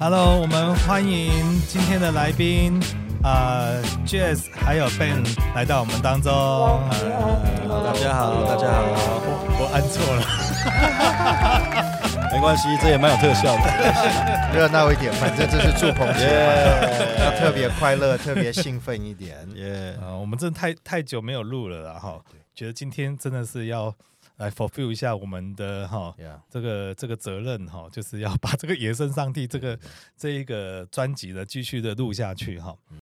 Hello，我們歡迎今天的來賓啊、呃、，Jess 還有 Ben 來到我們當中。Oh, 呃 oh, 大家好，oh. 大家好。Oh. 我，我按錯了 沒關係，這也蠻有特效的，熱 鬧 一點，反正這是祝朋友要特別快樂， 特別興奮一點。啊、 yeah. 呃，我們真的太太久沒有錄了，然後覺得今天真的是要來 fulfill 一下我們的哈，這個這個責任哈，就是要把這個《野生上帝》這個這一個專輯呢繼續的錄下去哈。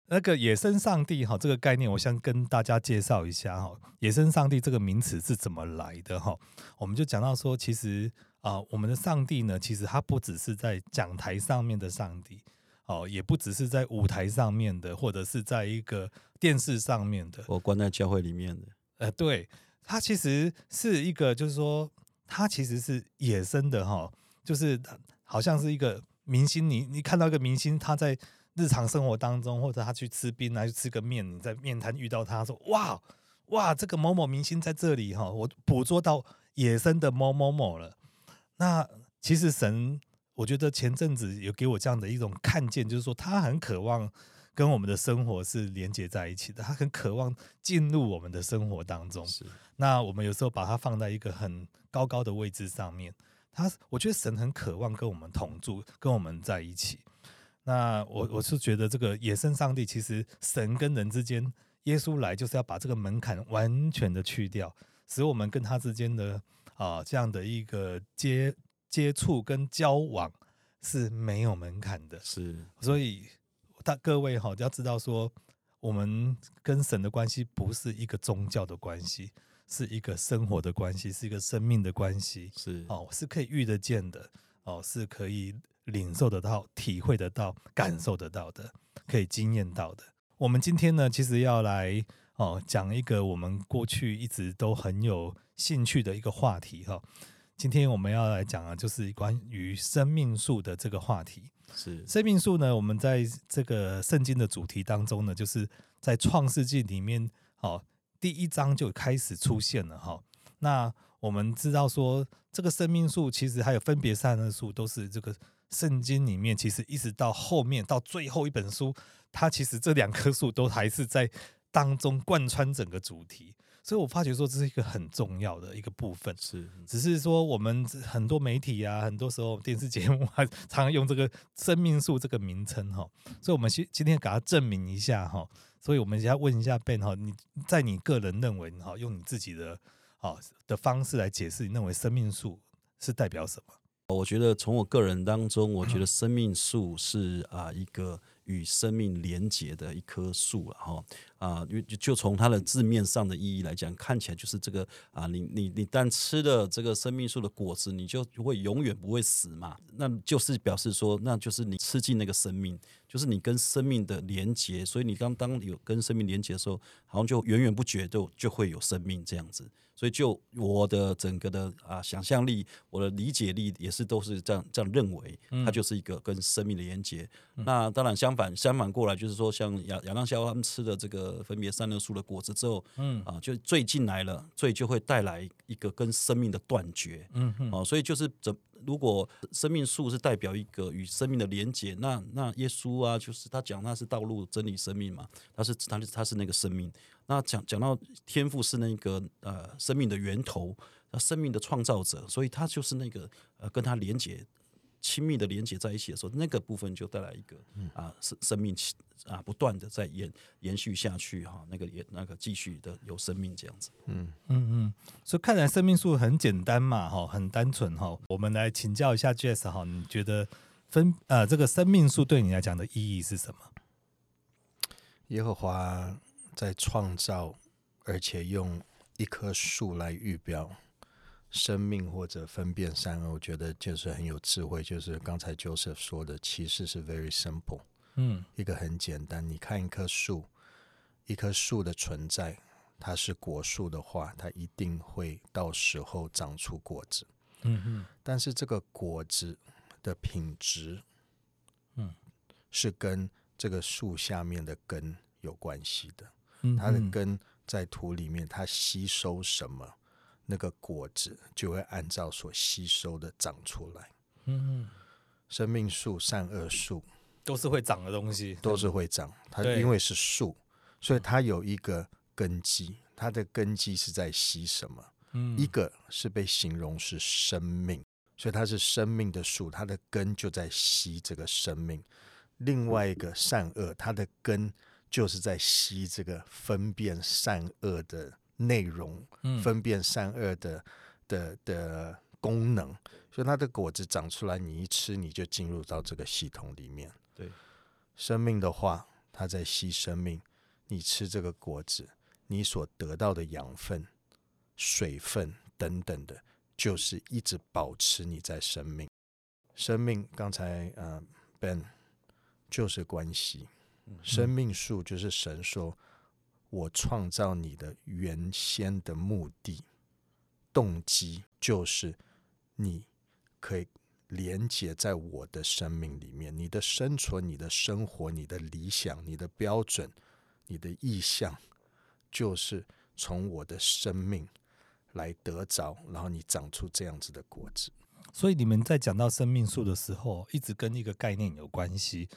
那個《野生上帝》哈這個概念，我想跟大家介紹一下哈，《野生上帝》這個名詞是怎麼來的哈。我們就講到說，其實啊，我們的上帝呢，其實它不只是在講台上面的上帝哦，也不只是在舞台上面的，或者是在一個電視上面的，我關在教會裡面的，呃，對。他其實是一個，就是說，他其實是野生的哈，就是好像是一個明星。你你看到一個明星，他在日常生活當中，或者他去吃冰啊，去吃個麵，你在麵攤遇到他說：“哇哇，這個某某明星在這裡哈，我捕捉到野生的某某某了。”那其實神，我覺得前陣子有給我這樣的一種看見，就是說他很渴望。跟我們的生活是連接在一起的，他很渴望進入我們的生活當中。是，那我們有時候把他放在一個很高高的位置上面。他，我覺得神很渴望跟我們同住，跟我們在一起。那我我是覺得這個耶穌上帝，其實神跟人之間，耶穌來就是要把這個門檻完全的去掉，使我們跟他之間的啊這樣的一個接接觸跟交往是沒有門檻的。是，所以。那各位，好，就要知道說，我們跟神的關係不是一個宗教的關係，是一個生活的關係，是一個生命的關係，是哦，是可以遇得見的哦，是可以領受得到，體會得到，感受得到的，可以經驗到的。我們今天呢，其實要來哦講一個我們過去一直都很有興趣的一個話題哈、哦。今天我們要來講啊，就是關於生命樹的這個話題。是生命樹呢？我們在這個聖經的主題當中呢，就是在創世紀裡面，哦，第一章就開始出現了哈、嗯。那我們知道說，這個生命樹其實還有分別善惡樹，都是這個聖經裡面，其實一直到後面到最後一本書，它其實這兩棵樹都還是在當中貫穿整個主題。所以我發覺說這是一個很重要的一個部分，是，只是說我們很多媒體啊，很多時候電視節目還常用這個生命樹這個名稱哈，所以我們今今天給他證明一下哈，所以我們先問一下 Ben 哈，你在你個人認為哈，用你自己的好的方式來解釋，你認為生命樹是代表什麼？我覺得從我個人當中，我覺得生命樹是啊一個與生命連接的一棵樹了哈。啊，就就從它的字面上的意義來講，看起來就是這個啊，你你你，你但吃了這個生命樹的果子，你就會永遠不會死嘛？那就是表示說，那就是你吃進那個生命，就是你跟生命的連結。所以你剛剛有跟生命連接的時候，好像就源源不絕，就就會有生命這樣子。所以就我的整個的啊想象力，我的理解力也是都是這樣這樣認為，它就是一個跟生命的連接、嗯。那當然相反相反過來就是說，像亞亞當夏他們吃的這個。呃，分別善惡樹的果子之後，嗯啊、呃，就罪進來了，所以就會帶來一個跟生命的斷絕，嗯哼，呃、所以就是怎，如果生命樹是代表一個與生命的連接，那那耶穌啊，就是他講他是道路、真理、生命嘛，他是他是他是那個生命，那講講到天父是那個呃生命的源頭，那生命的創造者，所以他就是那個呃跟他連接。親密的連接在一起的時候，那個部分就帶來一個、嗯、啊生生命啊不斷的在延延續下去哈、啊，那個也那個繼續的有生命這樣子，嗯嗯嗯，所以看來生命樹很簡單嘛哈，很單純哈。我們來請教一下杰 e 哈，你覺得分啊這個生命樹對你來講的意義是什麼？耶和華在創造，而且用一棵樹來預表。生命或者分辨善惡，我覺得就是很有智慧。就是剛才 Joseph 說的，其實是 very simple，嗯，一個很簡單。你看一棵樹，一棵樹的存在，它是果樹的話，它一定會到時候長出果子。嗯哼。但是這個果子的品質，嗯，是跟這個樹下面的根有關係的。嗯，它的根在土裡面，它吸收什麼？那個果子就會按照所吸收的長出來。嗯，生命樹、善惡樹都是會長的東西，都是會長。它因為是樹，所以它有一個根基，它的根基是在吸什麼？一個是被形容是生命，所以它是生命的樹，它的根就在吸這個生命。另外一個善惡，它的根就是在吸這個分辨善惡的。內容分辨善惡的、嗯、的的、的功能，所以它的果子長出來，你一吃你就進入到這個系統裡面。對生命的話，它在吸生命，你吃這個果子，你所得到的養分、水分等等的，就是一直保持你在生命。生命剛才、呃、Ben 就是關係，生命樹就是神說。嗯嗯我創造你的原先的目的、動機，就是你可以連接在我的生命裡面。你的生存、你的生活、你的理想、你的標準、你的意向，就是從我的生命來得着，然後你長出這樣子的果子。所以，你們在講到生命樹的時候，一直跟一個概念有關係。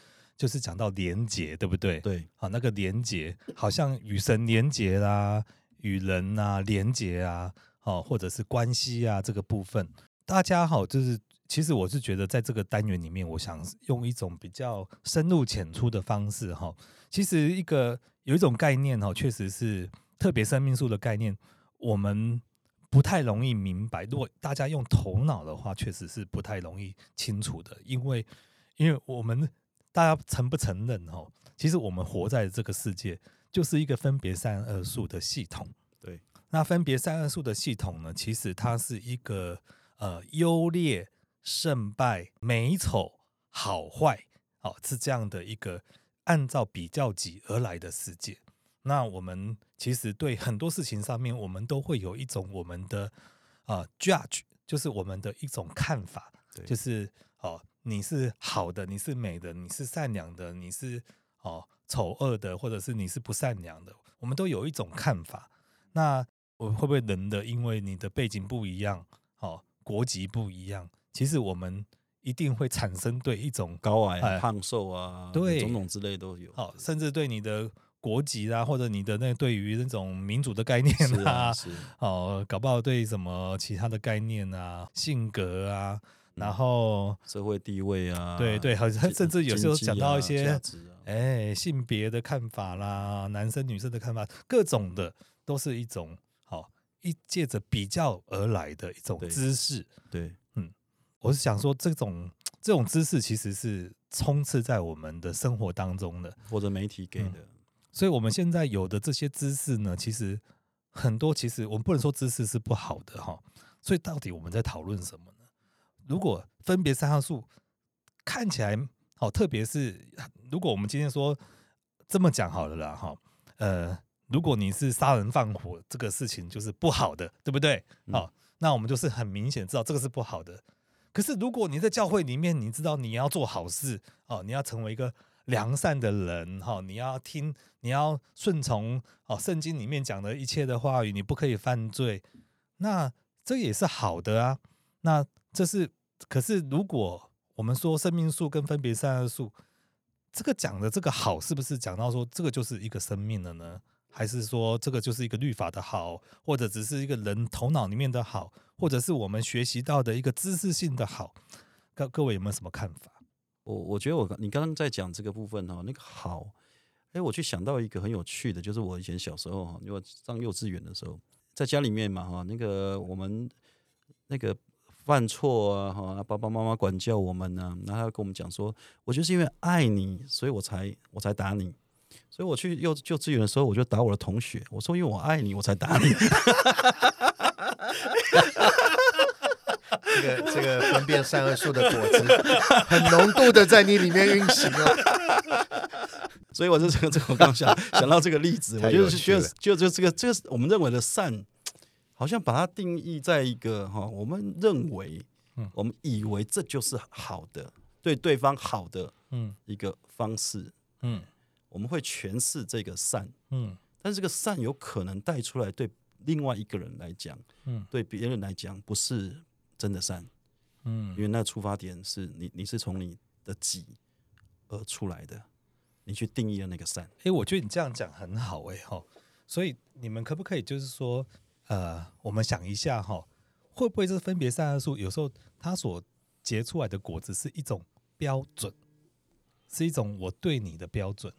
就是講到連接，對不對？對，好，那個連接，好像與神連接啦、啊，與人啊連接啊，好，或者是關係啊這個部分，大家好，就是其實我是覺得，在這個單元裡面，我想用一種比較深入淺出的方式哈。其實一個有一種概念哈，確實是特別生命樹的概念，我們不太容易明白。如果大家用頭腦的話，確實是不太容易清楚的，因為因為我們。大家承不承認、哦？哈，其實我們活在這個世界，就是一個分別善惡樹的系統。對，那分別善惡樹的系統呢，其實它是一個呃優劣、勝敗、美醜、好壞，哦，是這樣的一個按照比較級而來的世界。那我們其實對很多事情上面，我們都會有一種我們的啊、呃、judge，就是我們的一種看法，對，就是哦。你是好的，你是美的，你是善良的，你是哦醜惡的，或者是你是不善良的，我們都有一種看法。那我們會不會人的？因為你的背景不一樣，哦，國籍不一樣，其實我們一定會產生對一種高矮、高矮哎、胖瘦啊，對種種之類都有、哦。甚至對你的國籍啊，或者你的那對於那種民主的概念啊，啊，哦，搞不好對什麼其他的概念啊，性格啊。然後社會地位啊，對對，像甚至有時候講到一些，啊啊，哎，性別的看法啦，男生女生的看法，各種的都是一種好、哦、一借着比較而來的一種知識。對，嗯，我是想說這，這種這種知識其實是充斥在我們的生活當中的，或者媒體給的。嗯、所以，我們現在有的這些知識呢，其實很多，其實我們不能說知識是不好的哈、哦。所以，到底我們在討論什麼呢？如果分別善惡樹看起來哦，特別是如果我們今天說這麼講好了啦，哈、哦，呃，如果你是殺人放火這個事情就是不好的，對不對？嗯、哦，那我們就是很明顯知道這個是不好的。可是如果你在教會裡面，你知道你要做好事哦，你要成為一個良善的人哈、哦，你要聽，你要順從哦，聖經裡面講的一切的話語，你不可以犯罪，那這也是好的啊，那。這是，可是，如果我們說生命樹跟分別善惡樹，這個講的這個好，是不是講到說這個就是一個生命了呢？還是說這個就是一個律法的好，或者只是一個人頭腦裡面的好，或者是我們學習到的一個知識性的好？各各位有沒有什麼看法？我我覺得我你剛剛在講這個部分哦，那個好，哎，我去想到一個很有趣的，就是我以前小時候哈，因為上幼稚園的時候，在家裡面嘛哈，那個我們那個。犯錯啊，哈！爸爸媽媽管教我們呢、啊，然後他跟我們講說，我就是因為愛你，所以我才，我才打你，所以我去幼稚園的時候，我就打我的同學，我說因為我愛你，我才打你。 這個這個分別善惡樹的果子，很濃度的在你裡面運行啊、哦。 所以我就這個我剛，剛想想到這個例子，我就是就是就是這個這個我們認為的善。好像把它定義在一個哈，我們認為，嗯，我們以為這就是好的，對對方好的，嗯，一個方式，嗯，我們會詮釋這個善，嗯，但是這個善有可能帶出來對另外一個人來講，嗯，對別人來講不是真的善，嗯，因為那出發點是你你是從你的己而出來的，你去定義了那個善、欸。哎，我覺得你這樣講很好、欸，哎哈，所以你們可不可以就是說？呃，我們想一下哈，會不會是分別善惡樹有時候它所結出來的果子是一種標準，是一種我對你的標準，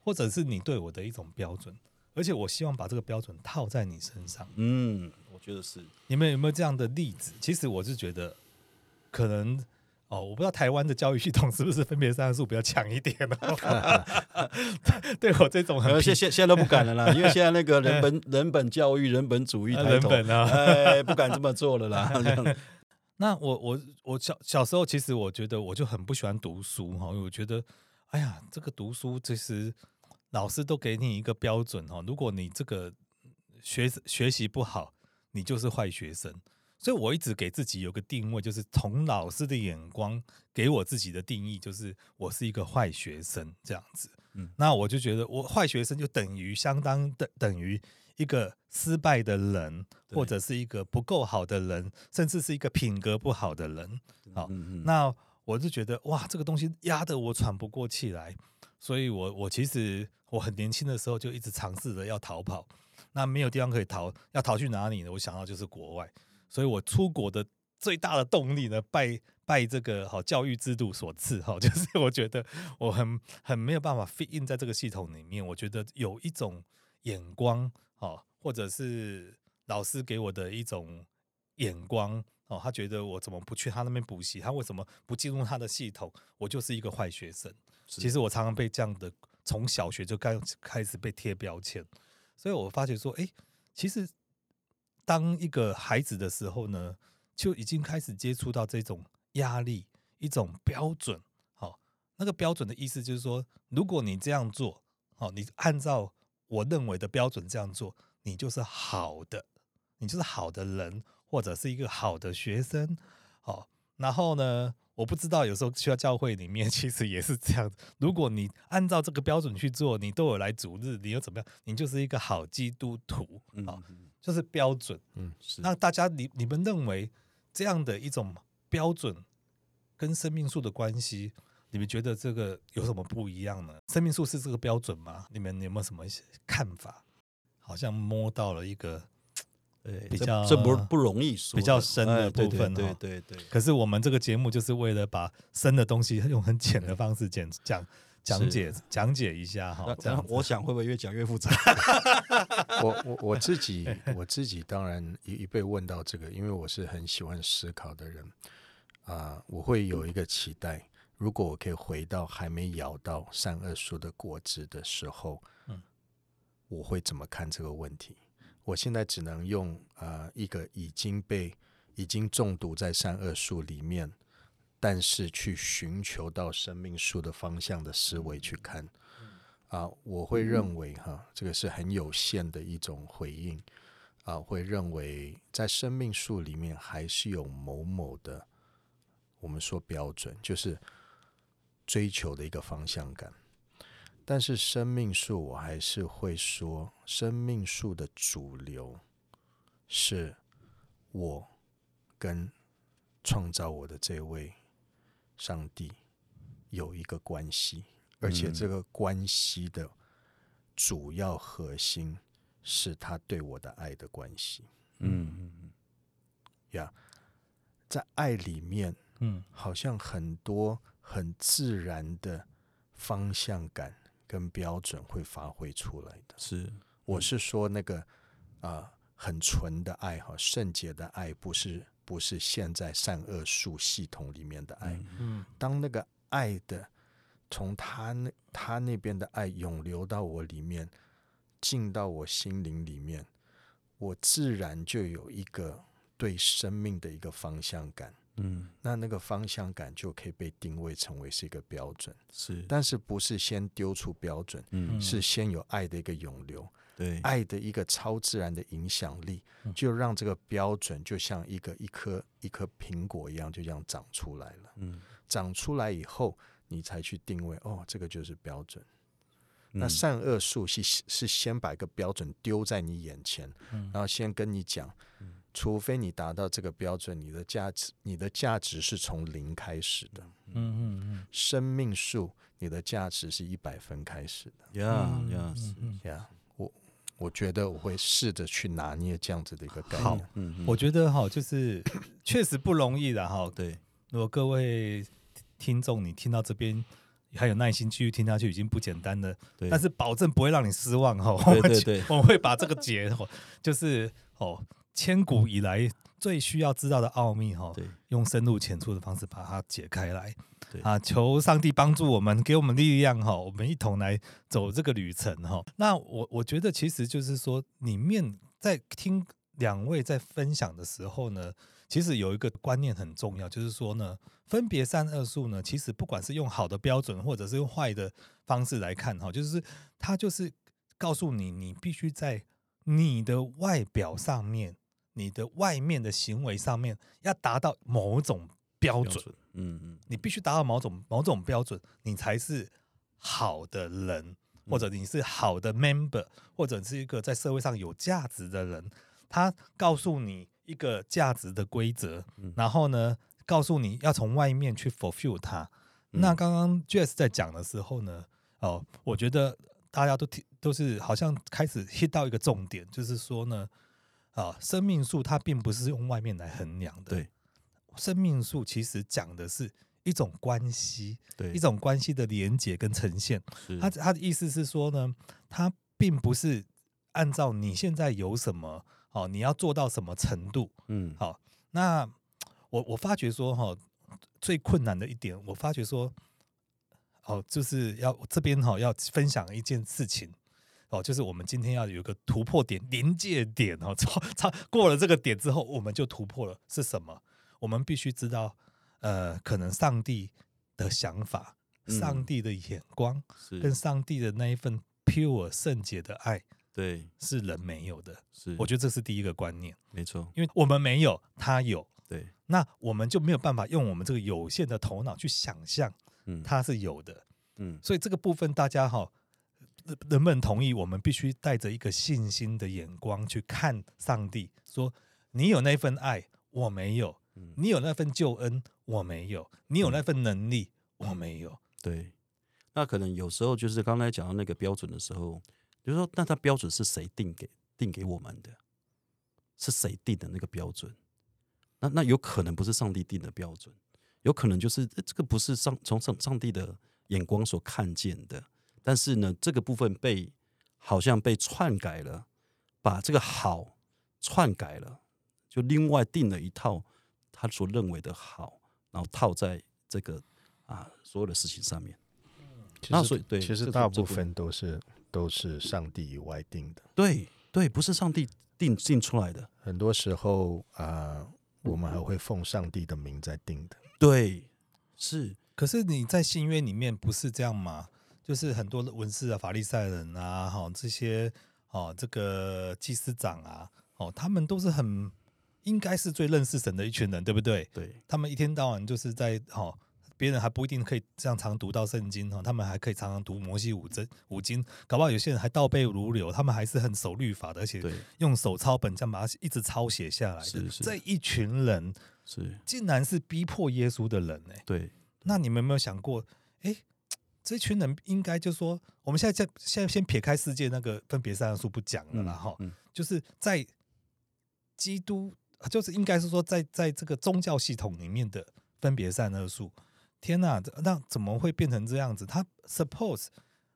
或者是你對我的一種標準，而且我希望把這個標準套在你身上。嗯，我覺得是。你們有沒有這樣的例子？其實我是覺得可能。哦，我不知道台灣的教育系統是不是分別善惡樹比較強一點呢、哦？ 對我這種，很，且現現在都不敢了啦， 因為現在那個人本 人本教育、人本主義抬頭 人本、啊 哎、不敢這麼做了啦。 那我我我小小時候，其實我覺得我就很不喜歡讀書哈，因為我覺得哎呀，這個讀書其實老師都給你一個標準哈，如果你這個學學習不好，你就是壞學生。所以，我一直給自己有個定位，就是從老師的眼光給我自己的定義，就是我是一個壞學生這樣子。嗯，那我就覺得，我壞學生就等於相當等等於一個失敗的人，或者是一個不夠好的人，甚至是一個品格不好的人。好，嗯，那我就覺得，哇，這個東西壓得我喘不過氣來。所以我，我我其實我很年輕的時候就一直嘗試着要逃跑。那沒有地方可以逃，嗯，要逃去哪裡呢？我想到就是國外。所以我出國的最大的動力呢，拜拜這個好教育制度所賜哈，就是我覺得我很很沒有辦法 fit in 在這個系統裡面，我覺得有一種眼光哈，或者是老師給我的一種眼光哦，他覺得我怎麼不去他那邊補習，他為什麼不進入他的系統，我就是一個壞學生。其實我常常被這樣的從小學就開開始被貼標籤，所以我發覺說，哎，欸，其實。當一個孩子的時候呢，就已經開始接觸到這種壓力，一種標準。好、哦，那個標準的意思就是說，如果你這樣做，好、哦，你按照我認為的標準這樣做，你就是好的，你就是好的人，或者是一個好的學生。好、哦，然後呢，我不知道有時候需要教會裡面，其實也是這樣。如果你按照這個標準去做，你都有來主日，你又怎麼樣？你就是一個好基督徒。好、哦。嗯嗯。這是標準，嗯，那大家，你你們認為這樣的一種標準跟生命樹的關係，你們覺得這個有什麼不一樣呢？生命樹是這個標準嗎？你們有沒有什麼一些看法？好像摸到了一個，欸、比較，這不不容易，比較深的部分，哎、對，對，對對對對。可是我們這個節目就是為了把深的東西用很淺的方式講講。講解講解一下哈，我想會不會越講越複雜？我我我自己我自己當然一一被問到這個，因為我是很喜歡思考的人啊，呃，我會有一個期待，如果我可以回到還沒咬到善惡樹的果子的時候，嗯，我會怎麼看這個問題？我現在只能用啊，呃，一個已經被已經中毒在善惡樹裡面，但是去尋求到生命樹的方向的思維去看，嗯、啊，我會認為哈，這個是很有限的一種回應啊，會認為在生命樹裡面還是有某某的，我們說標準就是追求的一個方向感。但是生命樹我還是會說，生命樹的主流是我跟創造我的這位。上帝有一個關係，而且這個關係的主要核心是他對我的愛的關係。嗯呀，yeah, 在愛裡面，嗯，好像很多很自然的方向感跟標準會發揮出來的。是，嗯，我是說那個啊，呃，很純的愛和聖潔的愛，不是。不是現在善惡樹系統裡面的愛，嗯，嗯，當那個愛的從他那他那邊的愛湧流到我裡面，進到我心靈裡面，我自然就有一個對生命的一個方向感，嗯，那那個方向感就可以被定位成為是一個標準，是，但是不是先丟出標準，嗯，嗯，是先有愛的一個湧流。對，愛的一個超自然的影響力，嗯、就讓這個標準就像一個一顆一顆蘋果一樣，就這樣長出來了、嗯。長出來以後，你才去定位，哦，這個就是標準。嗯、那善惡樹是是先把一個標準丟在你眼前，嗯、然後先跟你講、嗯，除非你達到這個標準，你的價值你的價值是從零開始的、嗯嗯。生命樹，你的價值是一百分開始的。嗯 yeah, yes. yeah. 我覺得我會試着去拿捏這樣子的一個概念。好，嗯、我覺得哈，就是確實不容易的哈。對，如果各位聽眾，你聽到這邊還有耐心繼續聽下去，已經不簡單了。但是保證不會讓你失望哈。我對，對對，我們會把這個結，就是哦。千古以來最需要知道的奧秘哈、哦，用深入淺出的方式把它解開來。對啊，求上帝幫助我們，給我們力量哈、哦，我們一同來走這個旅程哈、哦。那我我覺得其實就是說，裡面在聽兩位在分享的時候呢，其實有一個觀念很重要，就是說呢，分別善惡樹呢，其實不管是用好的標準或者是用壞的方式來看哈、哦，就是它就是告訴你，你必須在你的外表上面。你的外面的行為上面要達到某種標準，嗯嗯，你必須達到某種某種標準，你才是好的人，或者你是好的 member，或者你是一個在社會上有價值的人。他告訴你一個價值的規則，然後呢，告訴你要從外面去 fulfill 他。那剛剛 Jess 在講的時候呢，哦、呃，我覺得大家都聽都是好像開始 hit 到一個重點，就是說呢。啊，生命樹它並不是用外面來衡量的。生命樹其實講的是一種關係，對，一種關係的連接跟呈現。他他、啊、的意思是說呢，他並不是按照你現在有什麼，哦、啊，你要做到什麼程度，嗯，好。那我我發覺說哈、哦，最困難的一點，我發覺說，哦，就是要這邊哈、哦、要分享一件事情。哦，就是我們今天要有一個突破點、臨界點哦，超過了這個點之後，我們就突破了。是什麼？我們必須知道，呃，可能上帝的想法、上帝的眼光，嗯、跟上帝的那一份 pure 聖潔的愛，對，是人沒有的。是，我覺得這是第一個觀念，沒錯，因為我們沒有，他有，對，那我們就沒有辦法用我們這個有限的頭腦去想象，嗯，他是有的。嗯，嗯，所以這個部分大家哈、哦。人們同意，我們必須帶着一個信心的眼光去看上帝，說你有那份愛，我沒有、嗯；你有那份救恩，我沒有；你有那份能力、嗯，我沒有。對，那可能有時候就是剛才講到那個標準的時候，比如說那他標準是誰定給定給我們的？是誰定的那個標準？那那有可能不是上帝定的標準，有可能就是這個不是上從上上帝的眼光所看見的。但是呢，這個部分被好像被篡改了，把這個好篡改了，就另外定了一套他所認為的好，然後套在這個啊所有的事情上面。那所以對，其實大部分都是、這個、都是上帝以外定的。對對，不是上帝定定出來的。很多時候啊、呃，我們還會奉上帝的名在定的。嗯、對，是。可是你在新約裡面不是這樣嗎？就是很多的文士啊、法利賽人啊、哈這些哦，這個祭司長啊，哦，他們都是很應該是最認識神的一群人，對不對？對，他們一天到晚就是在哈，哦，別人還不一定可以這樣常讀到聖經哈、哦，他們還可以常常讀摩西五經五經，搞不好有些人還倒背如流，他們還是很守律法的，而且用手抄本這樣把它一直抄寫下來的。這一群人是，竟然是逼迫耶穌的人呢、欸？對，那你們有沒有想過，哎、欸？這群人應該就是說，我們現在在現在先撇開世界那個分別善惡樹不講了啦，然、嗯、後、嗯、就是在基督，就是應該是說在在這個宗教系統裡面的分別善惡樹。天哪，那怎麼會變成這樣子？他 suppose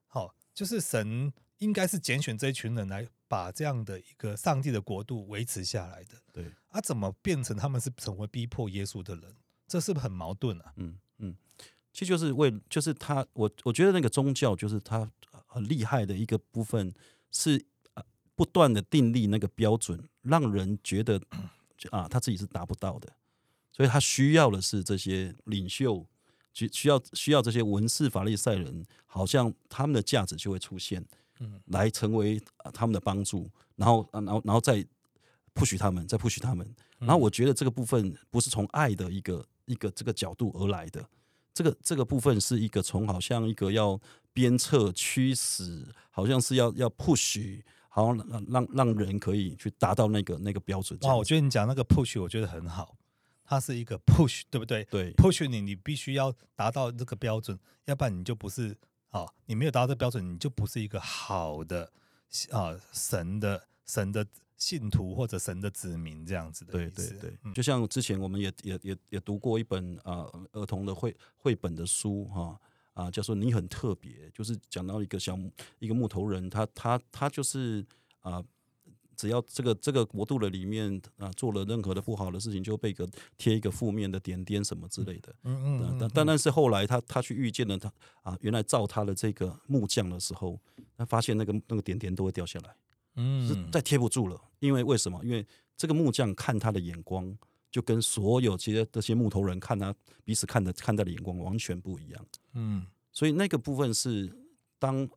好、哦，就是神應該是揀選這一群人來把這樣的一個上帝的國度維持下來的。對，啊，怎麼變成他們是成為逼迫耶穌的人？這是不是很矛盾啊？嗯。其實就是為，就是他，我我覺得那個宗教就是他很厲害的一個部分，是不斷的訂立那個標準，讓人覺得啊他自己是達不到的，所以他需要的是這些領袖，需需要需要這些文士、法利賽人，好像他們的價值就會出現，嗯，來成為他們的幫助，然後，啊、然後，然後再 push 他們，再 push 他們、嗯，然後我覺得這個部分不是從愛的一個一個這個角度而來的。這個這個部分是一個從好像一個要鞭策驅使，好像是要要 push，好像讓讓人可以去達到那個那個標準。哇，我覺得你講那個 push，我覺得很好，它是一個 push，對不對？對，push 你，你必須要達到這個標準，要不然你就不是啊、哦，你沒有達到這個標準，你就不是一個好的啊神的神的。神的信徒或者神的子民這樣子的意思，對對對，就像之前我們也也也也讀過一本啊、呃、兒童的繪繪本的書哈啊、呃，叫做你很特別，就是講到一個小木，一個木頭人，他他他就是啊、呃，只要這個這個國度的裡面啊、呃、做了任何的不好的事情，就被個貼一個負面的點點什麼之類的，嗯嗯，但但是後來他他去遇見了他啊、呃，原來造他的這個木匠的時候，他發現那個那個點點都會掉下來。嗯，再貼不住了，因為，為什麼？因為這個木匠看他的眼光，就跟所有其他這些木頭人看他彼此看的看他的眼光完全不一樣。嗯，所以那個部分是，當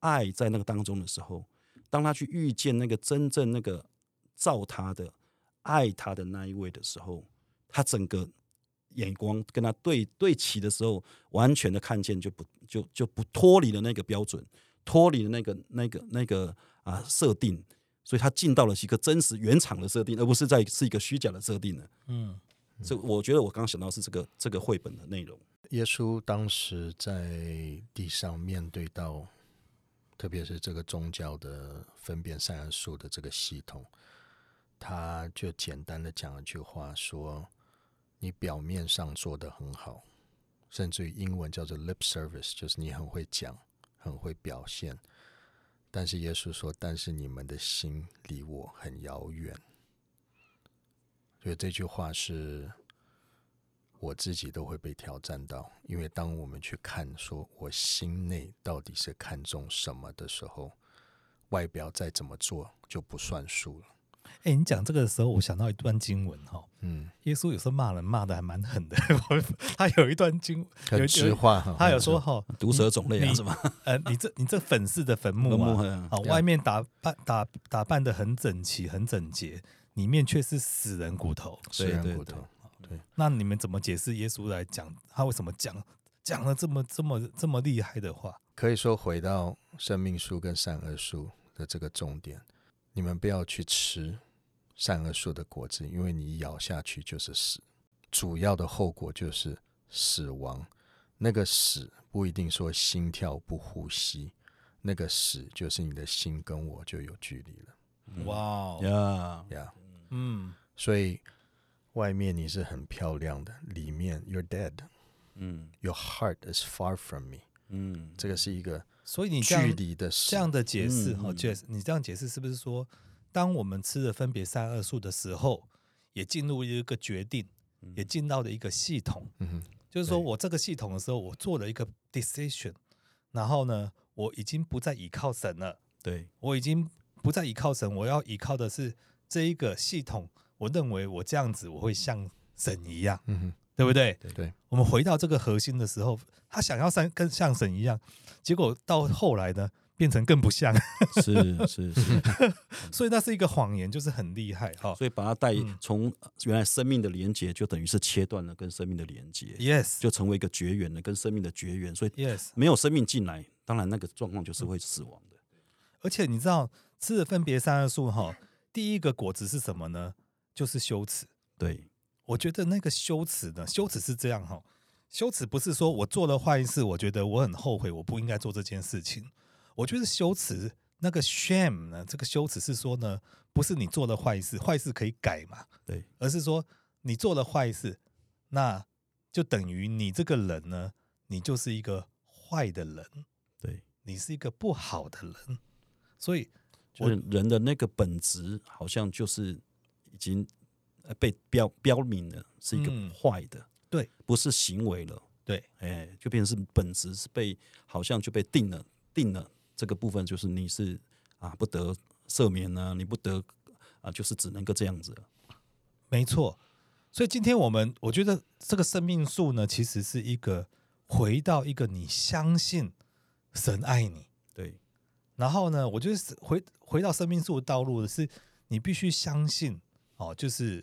愛在那個當中的時候，當他去遇見那個真正那個造他的、愛他的那一位的時候，他整個眼光跟他對對齊的時候，完全的看見就不就就不脫離了那個標準，脫離了那個那個那個。那個啊，設定，所以他進到了一個真實原廠的設定，而不是在是一個虛假的設定呢、啊。嗯，這、嗯、我覺得我剛剛想到是這個這個繪本的內容。耶穌當時在地上面對到，特別是這個宗教的分別善惡樹的這個系統，他就簡單的講了一句話說：“你表面上做得很好，甚至於英文叫做 lip service，就是你很會講，很會表現。”但是耶穌說：“但是你們的心離我很遙遠。”所以這句話是，我自己都會被挑戰到，因為當我們去看說，我心內到底是看重什麼的時候，外表再怎麼做就不算數了。哎、欸，你講這個的時候，我想到一段經文哈。嗯，耶穌有時候罵人罵得還蠻狠的。 他有一段經文很，有句話，他有說，候哈、哦，毒蛇種類啊什麼？ 呃，你這你這粉飾的墳墓嗎、啊嗯？外面打扮打打，打扮得很整齊很整潔，裡面卻是死人骨頭。死人骨頭，對對對。對。那你們怎麼解釋耶穌來講他為什麼講講了這麼這麼這麼厲害的話？可以說回到生命樹跟善惡樹的這個重點，你們不要去吃。善惡樹的果子，因為你咬下去就是死，主要的後果就是死亡。那個死不一定說心跳不呼吸，那個死就是你的心跟我就有距離了。哇呀呀，嗯，所以外面你是很漂亮的，裡面 you're dead，嗯，your heart is far from me，嗯，這個是一個，所以你距離的這樣的解釋，哈、嗯，解釋你這樣解釋是不是說？當我們吃了分別善惡樹的時候，也進入一個決定、嗯，也進到了一個系統、嗯。就是說我這個系統的時候，我做了一個 decision，然後呢，我已經不再依靠神了。對，我已經不再依靠神，我要依靠的是這一個系統。我認為我這樣子我會像神一樣，嗯、對不對？嗯、對，對，我們回到這個核心的時候，他想要跟像神一樣，結果到後來呢？嗯變成更不像是 是是，是是 所以那是一個謊言，就是很厲害哈、哦。所以把它帶從原來生命的連接，就等於是切斷了跟生命的連接。Yes，、嗯、就成為一個絕緣了，跟生命的絕緣。所以 Yes，沒有生命進來、嗯，當然那個狀況就是會死亡的。嗯、而且你知道吃了分別善惡樹。哈，第一個果子是什麼呢？就是羞恥。對，我覺得那個羞恥呢，羞恥是這樣哈，羞恥不是說我做了壞事，我覺得我很後悔，我不應該做這件事情。我覺得羞恥，那個 shame 呢，這個羞恥是說呢，不是你做了壞事，壞事可以改嘛，對，而是說你做了壞事，那就等於你這個人呢，你就是一個壞的人，對，你是一個不好的人，所以我、就是、人的那個本質好像就是已經被標標明了，是一個壞的、嗯，對，不是行為了，對，哎、欸，就變成是本質是被好像就被定了定了。這個部分就是你是啊不得赦免呢、啊，你不得啊，就是只能夠這樣子。沒錯，所以今天我們我覺得這個生命樹呢，其實是一個回到一個你相信神愛你，對。然後呢，我覺得回回到生命樹的道路的是，你必須相信哦，就是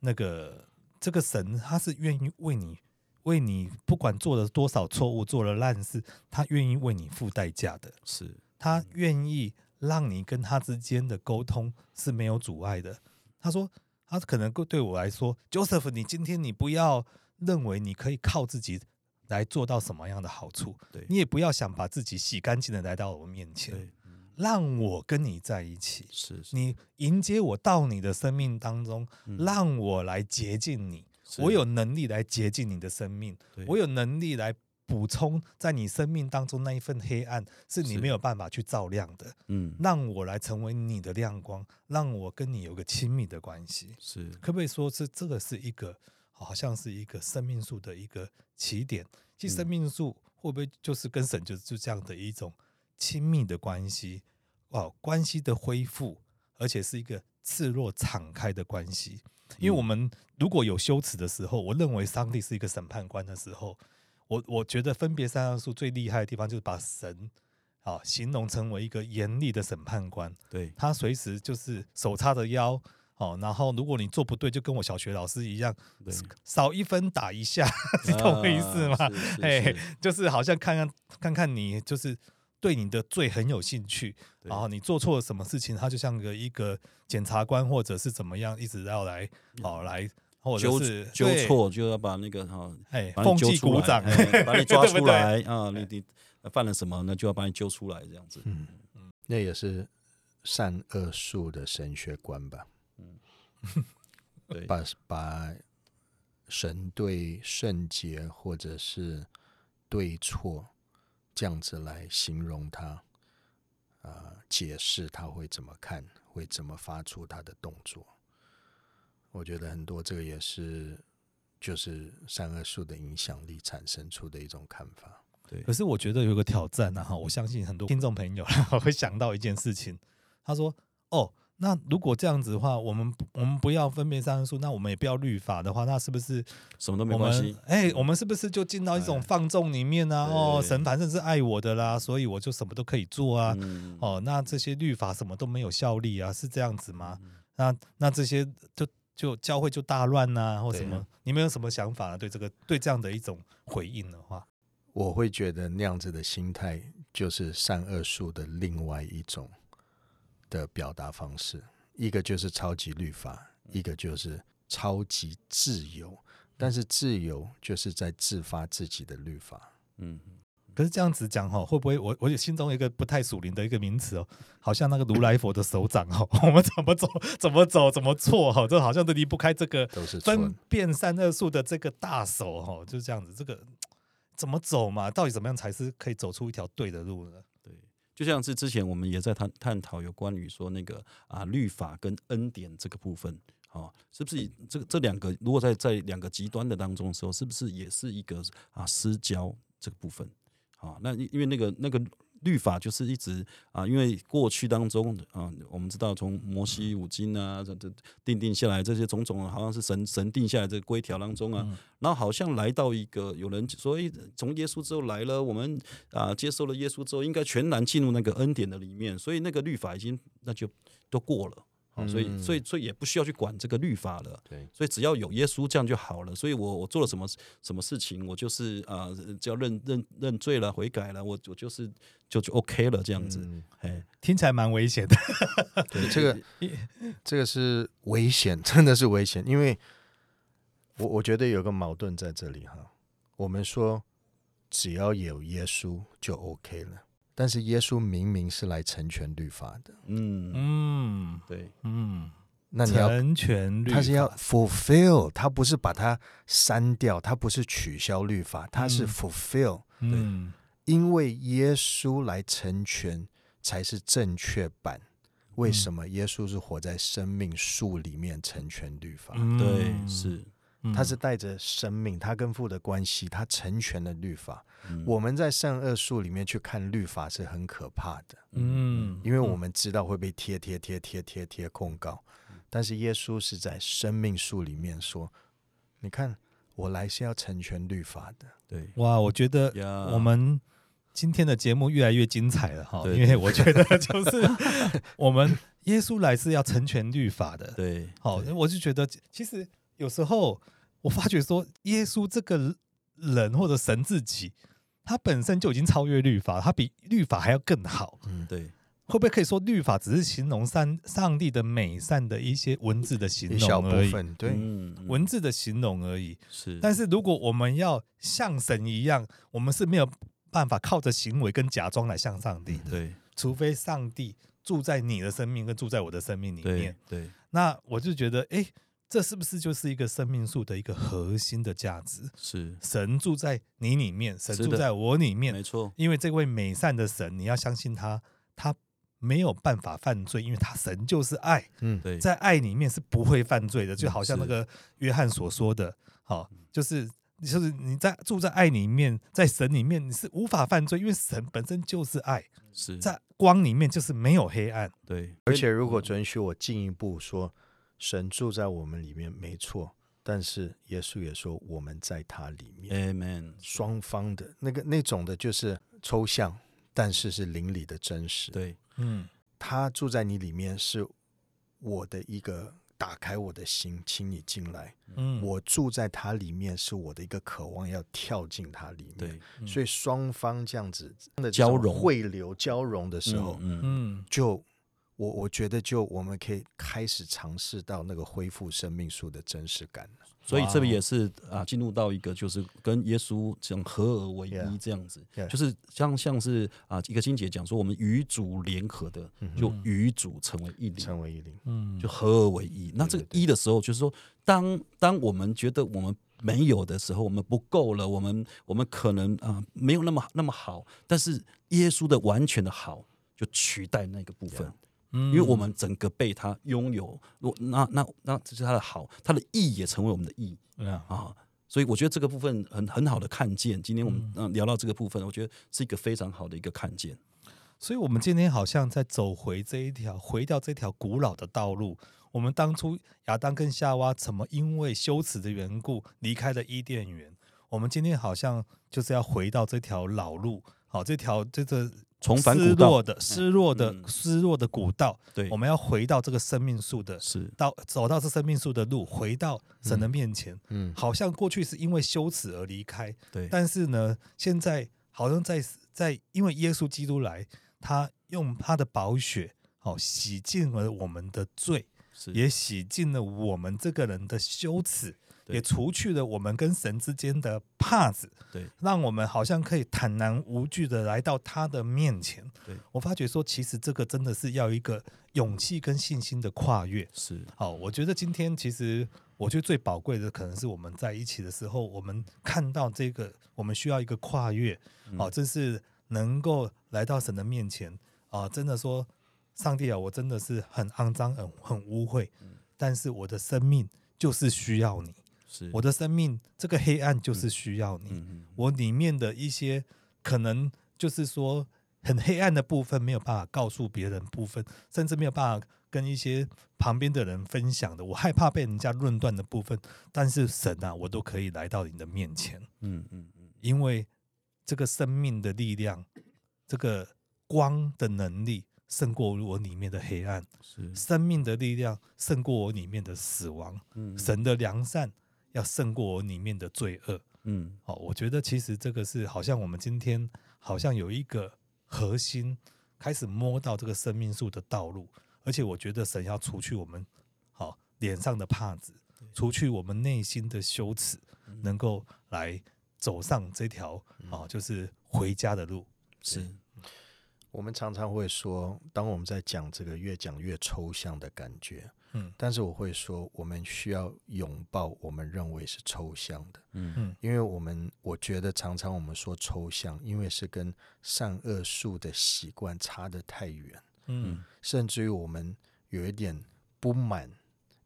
那個這個神他是願意為你。為你不管做了多少錯誤，做了爛事，他願意為你付代價的，是他願意讓你跟他之間的溝通是沒有阻礙的。他說：“他可能對對我來說，Joseph，你今天你不要認為你可以靠自己來做到什麼樣的好處，對你也不要想把自己洗乾淨的來到我面前，讓我跟你在一起，是，是，是你迎接我到你的生命當中，嗯、讓我來接近你。”我有能力來潔淨你的生命，我有能力來補充在你生命當中那一份黑暗，是你沒有辦法去照亮的。嗯，讓我來成為你的亮光，讓我跟你有個親密的關係。是，可不可以說是，是這個是一個，好像是一個生命樹的一個起點？其實生命樹會不會就是跟神就就這樣的一種親密的關係？哦，關係的恢復，而且是一個。赤裸敞開的關係，因為我們如果有羞恥的時候，我認為上帝是一個審判官的時候，我我覺得分別善惡樹最厲害的地方就是把神啊形容成為一個嚴厲的審判官。對，他隨時就是手叉着腰哦、啊，然後如果你做不對，就跟我小學老師一樣，少一分打一下，啊、 你懂我意思嗎？哎，就是好像看看看看你就是。對你的罪很有興趣，然後、啊、你做錯了什麼事情，他就像個一個檢察官，或者是怎麼樣，一直要來啊，來糾糾錯，就要把那個哈、啊，哎，把你揪出來，哎、把你抓出來 對對啊，對對哎、你你犯了什麼，那就要把你揪出來，這樣子。嗯，那也是善惡樹的神學觀吧？把、嗯、把神對聖潔或者是對錯。這樣子來形容他，啊、呃，解釋他，會怎麼看，會怎麼發出他的動作。我覺得很多這個也是，就是善惡樹的影響力產生出的一種看法。對，可是我覺得有一個挑戰啊哈，我相信很多聽眾朋友會想到一件事情，他說：“哦。”那如果這樣子的話，我們我們不要分別善惡樹，那我們也不要律法的話，那是不是什麼都沒關係？哎、欸，我們是不是就進到一種放縱裡面呢、啊哎？哦，神反正是愛我的啦，所以我就什麼都可以做啊。嗯、哦，那這些律法什麼都沒有效力啊，是這樣子嗎？嗯、那那這些就就教會就大亂吶、啊，或什麼？嗯、你們有什麼想法、啊？對這個對這樣的一種回應的話，我會覺得那樣子的心態就是善惡樹的另外一種的表達方式，一個就是超級律法，一個就是超級自由。但是自由就是在自發自己的律法。嗯，可是這樣子講吼，會不會我我也心中有一個不太屬靈的一個名詞哦，好像那個如來佛的手掌哦、嗯，我們怎麼走？怎麼走？怎麼錯？吼，這好像都離不開這個分辨善惡樹的這個大手哦。就是這樣子。這個怎麼走嘛？到底怎麼樣才是可以走出一條對的路呢？就像是之前我們也在探探討有關於說那個啊律法跟恩典這個部分，啊、哦，是不是這這兩個如果在在兩個極端的當中的時候，是不是也是一個啊私交這個部分？啊、哦，那因因為那個那個。律法就是一直啊，因為過去當中啊，我們知道從摩西五經啊，這、嗯、這、嗯、定定下來這些種種，好像是神神定下來的規條當中啊，嗯嗯然後好像來到一個有人，所以從耶穌之後來了，我們啊接受了耶穌之後，應該全然進入那個恩典的裡面，所以那個律法已經那就都過了。嗯、所以，所以，所以也不需要去管這個律法了。對，所以只要有耶穌這樣就好了。所以我我做了什麼什麼事情，我就是啊，只、呃、要認認認罪了，悔改了。我我就是就就 OK 了，這樣子。哎、嗯，聽起來蠻危險的。對，這個 這個是危險，真的是危險。因為我我覺得有個矛盾在這裡哈。我們說只要有耶穌就 OK 了。但是耶穌明明是來成全律法的，嗯嗯，對，嗯，那你要成全，他是要 fulfill，他不是把它刪掉，他不是取消律法，他是 fulfill，嗯，對，嗯，因為耶穌來成全才是正確版。為什麼耶穌是活在生命樹裡面成全律法？嗯，對，是。他是帶着生命，他跟父的關係，他成全了律法。嗯、我們在善惡樹裡面去看律法是很可怕的，嗯，因為我們知道會被貼貼貼貼貼貼控告、嗯。但是耶穌是在生命樹裡面說：“你看，我來是要成全律法的。”對，哇，我覺得我們今天的節目越來越精彩了哈，對對對因為我覺得就是我們耶穌來是要成全律法的。對，好，那我就覺得其實有時候。我發覺說，耶穌這個人或者神自己，他本身就已經超越律法，他比律法還要更好。嗯，對。會不會可以說，律法只是形容上上帝的美善的一些文字的形容，小部分對、嗯，文字的形容而已。嗯、是。但是，如果我們要像神一樣，我們是沒有辦法靠着行為跟假裝來像上帝的、嗯。對。除非上帝住在你的生命跟住在我的生命裡面。對。對那我就覺得，哎。這是不是就是一個生命樹的一個核心的價值？是、嗯、神住在你裡面，神住在我裡面，沒錯。因為這位美善的神，你要相信他，他沒有辦法犯罪，因為他神就是愛。嗯，在愛裡面是不會犯罪的，就好像那個約翰所說的，好、嗯哦，就是就是你在住在愛裡面，在神裡面，你是無法犯罪，因為神本身就是愛，是在光裡面就是沒有黑暗。對，而且如果准許我進一步說。神住在我們裡面，沒錯。但是耶穌也說，我們在他裡面。Amen。雙方的那個那種的，就是抽象，但是是靈裡的真實。對，嗯，他住在你裡面，是我的一個打開我的心，請你進來。嗯，我住在他裡面，是我的一個渴望要跳進他裡面。對，嗯，所以雙方這樣子這樣的交融、匯流、交融的時候，嗯，嗯，就。我我覺得，就我們可以開始嘗試到那個恢復生命樹的真實感了。所以，這個也是啊，進入到一個就是跟耶穌這種合而為一這樣子，Yeah. 就是像像是啊一個經節講說，我們與主聯合的，就與主成為一靈，成為一靈，嗯，就合而為一，嗯。那這個一的時候，就是說，當當我們覺得我們沒有的時候，我們不夠了，我們我們可能啊，呃，沒有那麼那麼好，但是耶穌的完全的好就取代那個部分。Yeah. 因為我們整個被他擁有，那那那這，就是他的好，他的意也成為我們的意、嗯、啊，所以我覺得這個部分很很好的看見。今天我們嗯聊到這個部分、嗯，我覺得是一個非常好的一個看見。所以我們今天好像在走回這一條，回到這條古老的道路。我們當初亞當跟夏娃怎麼因為羞恥的緣故離開了伊甸園。我們今天好像就是要回到這條老路。好，這條這個從失落的、嗯、失落的、嗯、失落的古道、嗯，對，我們要回到這個生命樹的，是到走到這生命樹的路，回到神的面前。嗯，嗯，好像過去是因為羞恥而離開，對。但是呢，現在好像在在因為耶穌基督來，他用他的寶血，好、哦、洗淨了我們的罪是，也洗淨了我們這個人的羞恥。嗯也除去了我們跟神之間的帕子，對，讓我們好像可以坦然無懼的來到他的面前。對，我發覺說，其實這個真的是要一個勇氣跟信心的跨越。是，好、哦，我覺得今天其實，我覺得最寶貴的可能是我們在一起的時候，我們看到這個，嗯、我們需要一個跨越，好、哦，這是能夠來到神的面前啊！真的說，上帝啊，我真的是很骯髒，很很污穢、嗯，但是我的生命就是需要你。我的生命這個黑暗就是需要你，嗯嗯嗯嗯、我裡面的一些可能就是說很黑暗的部分沒有辦法告訴別人部分，甚至沒有辦法跟一些旁邊的人分享的，我害怕被人家論斷的部分。但是神啊，我都可以來到你的面前。嗯嗯嗯，因為這個生命的力量，這個光的能力勝過我裡面的黑暗；是生命的力量勝過我裡面的死亡。嗯、神的良善。要勝過我裡面的罪惡，嗯，好、哦，我覺得其實這個是好像我們今天好像有一個核心開始摸到這個生命樹的道路，而且我覺得神要除去我們好、哦、臉上的帕子，嗯、除去我們內心的羞恥、嗯，能夠來走上這條好、嗯、哦、就是回家的路。是我們常常會說，當我們在講這個越講越抽象的感覺。但是我會說，我們需要擁抱我們認為是抽象的，嗯嗯，因為我們我覺得常常我們說抽象，因為是跟善惡樹的習慣差得太遠，嗯，甚至於我們有一點不滿，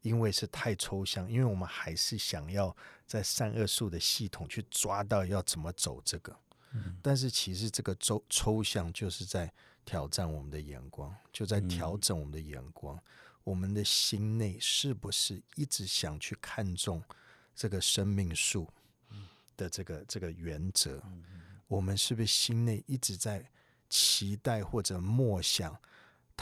因為是太抽象，因為我們還是想要在善惡樹的系統去抓到要怎麼走這個，嗯，但是其實這個抽抽象就是在挑戰我們的眼光，就在調整我們的眼光。我們的心內是不是一直想去看重這個生命樹的這個這個原則？我們是不是心內一直在期待或者默想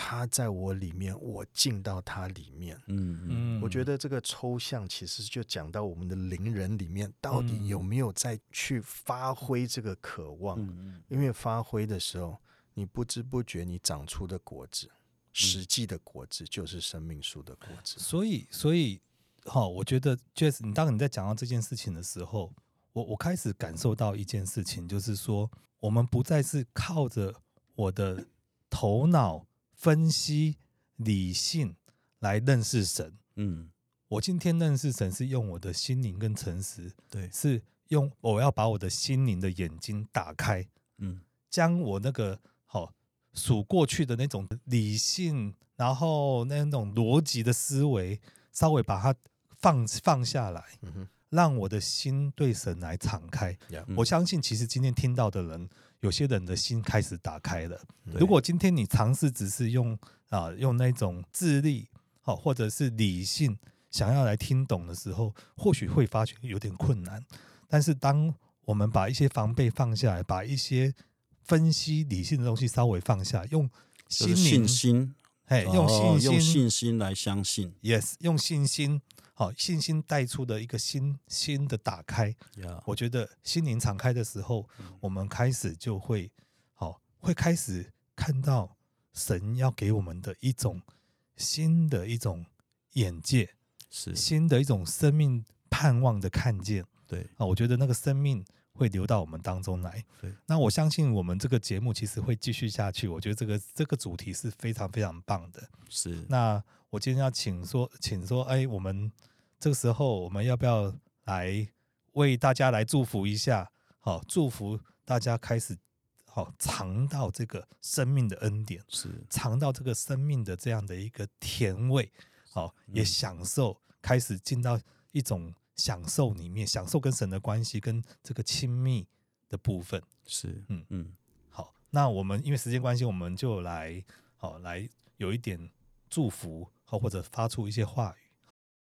它在我裡面，我進到它裡面？嗯嗯。我覺得這個抽象其實就講到我們的靈人裡面，到底有沒有再去發揮這個渴望？因為發揮的時候，你不知不覺你長出的果子，實際的果子就是生命樹的果子。嗯，所以，所以，哈，哦，我覺得就是你，當你在講到這件事情的時候，我我開始感受到一件事情，就是說，我們不再是靠着我的頭腦分析理性來認識神，嗯，我今天認識神是用我的心靈跟誠實，對，是用我要把我的心靈的眼睛打開，嗯，將我那個。數過去的那種理性，然後那種邏輯的思維，稍微把它放放下來，讓我的心對神來敞開。Yeah, 我相信，其實今天聽到的人，有些人的心開始打開了。如果今天你嘗試只是用啊、呃、用那種智力，哦、或者是理性想要來聽懂的時候，或許會發覺有點困難。但是，當我們把一些防備放下來，把一些分析理性的東西稍微放下，用心、就是、信心，哎、哦，用信心，心，用信心來相信。Yes，用信心，好、哦，信心帶出的一個心心的打開。Yeah. 我覺得心靈敞開的時候，嗯、我們開始就會，好、哦，會開始看到神要給我們的一種新的一種眼界，是新的一種生命盼望的看見。對啊、哦，我覺得那個生命。會流到我們當中來。那我相信我們這個節目其實會繼續下去。我覺得這個這個主題是非常非常棒的。是。那我今天要請說，請說，哎，我們這個時候我們要不要來為大家來祝福一下？好、哦，祝福大家開始，好、哦、嘗到這個生命的恩典，是嘗到這個生命的這樣的一個甜味，好、哦、也享受、嗯、開始進到一種。享受裡面，享受跟神的關係，跟這個親密的部分是，嗯嗯，好，那我們因為時間關係，我們就來，好來有一點祝福，好或者發出一些話語。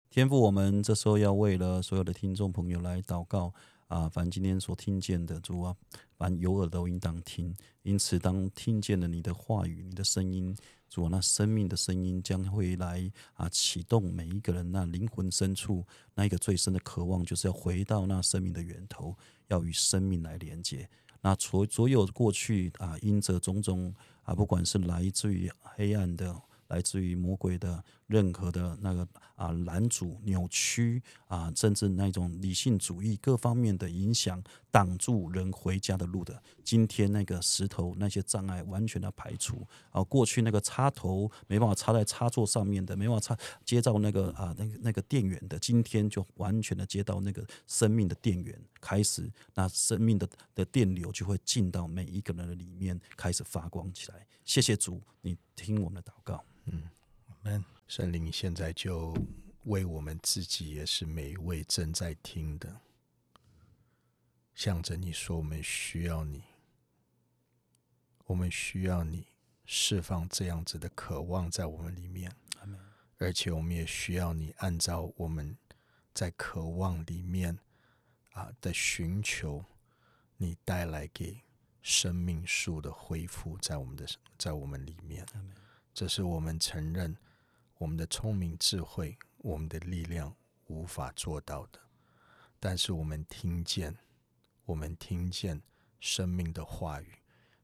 天父，我們這時候要為了所有的聽眾朋友來禱告啊，凡今天所聽見的主啊，凡有耳都應當聽。因此，當聽見了你的話語，你的聲音。說那生命的聲音將會來啊，啟動每一個人那靈魂深處那一個最深的渴望，就是要回到那生命的源頭，要與生命來連接。那所所有過去啊，因着種種啊，不管是來自於黑暗的、來自於魔鬼的任何的那個啊攔阻、扭曲啊，甚至那種理性主義各方面的影響。擋住人回家的路的，今天那個石頭那些障礙完全的排除啊！過去那個插頭沒辦法插在插座上面的，沒辦法插接到那個啊、呃、那個那個電源的，今天就完全的接到那個生命的電源，開始那生命的的電流就會進到每一個人的裡面，開始發光起來。謝謝主，你聽我們的禱告。嗯，我們聖靈現在就為我們自己，也是每一位正在聽的。向着你說：“我們需要你，我們需要你釋放這樣子的渴望在我們裡面，而且我們也需要你按照我們在渴望裡面啊的尋求，你帶來給生命樹的恢復在我們的在我們裡面。這是我們承認我們的聰明智慧、我們的力量無法做到的，但是我們聽見。”我們聽見生命的話語，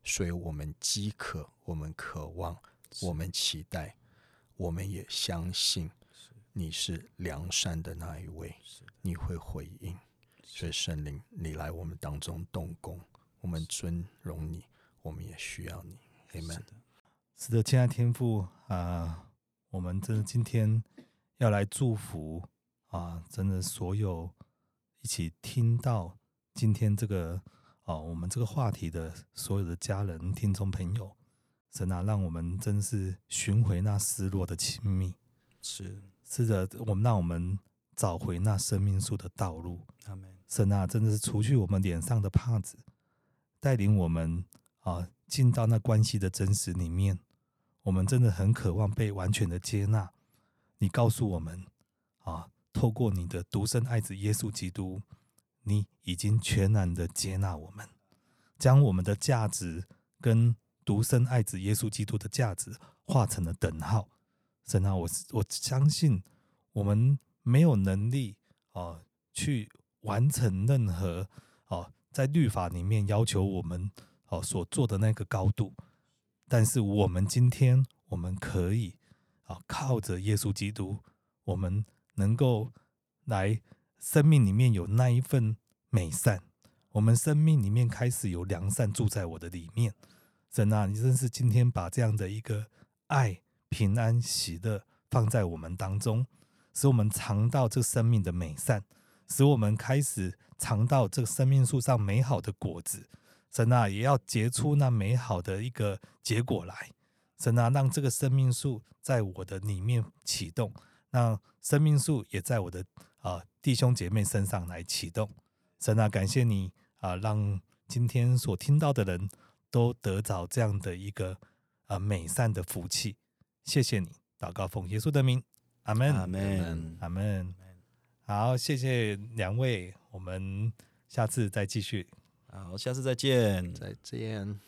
所以我們飢渴，我們渴望，我們期待，我們也相信你是良善的那一位，你會回應。所以聖靈，你來我們當中動工，我們尊榮你，我們也需要你。阿門。是的，親愛的天父啊、呃，我們真的今天要來祝福啊、呃，真的所有一起聽到。今天這個啊、哦，我們這個話題的所有的家人、聽眾朋友，神啊，讓我們真是尋回那失落的親密，是是的，試着我們讓我們找回那生命樹的道路。阿們。神啊，真的是除去我們臉上的帕子，帶領我們啊進到那關係的真實裡面。我們真的很渴望被完全的接納。你告訴我們啊，透過你的獨生愛子耶穌基督。你已經全然的接納我們，將我們的價值跟獨生愛子耶穌基督的價值化成了等號。神啊，我我相信我們沒有能力啊去完成任何啊在律法裡面要求我們啊所做的那個高度，但是我們今天我們可以啊靠着耶穌基督，我們能夠來。生命裡面有那一份美善，我們生命裡面開始有良善住在我的裡面。神啊，你真是今天把這樣的一個愛、平安、喜樂放在我們當中，使我們嚐到這生命的美善，使我們開始嚐到這個生命樹上美好的果子。神啊，也要結出那美好的一個結果來。神啊，讓這個生命樹在我的裡面啟動，讓生命樹也在我的啊、呃、弟兄姐妹身上來啟動，神啊，感謝你啊、呃，讓今天所聽到的人都得着這樣的一個啊、呃、美善的福氣，謝謝你，禱告奉耶穌的名，阿門，阿門，阿門。好，謝謝兩位，我們下次再繼續，好，下次再見，再見。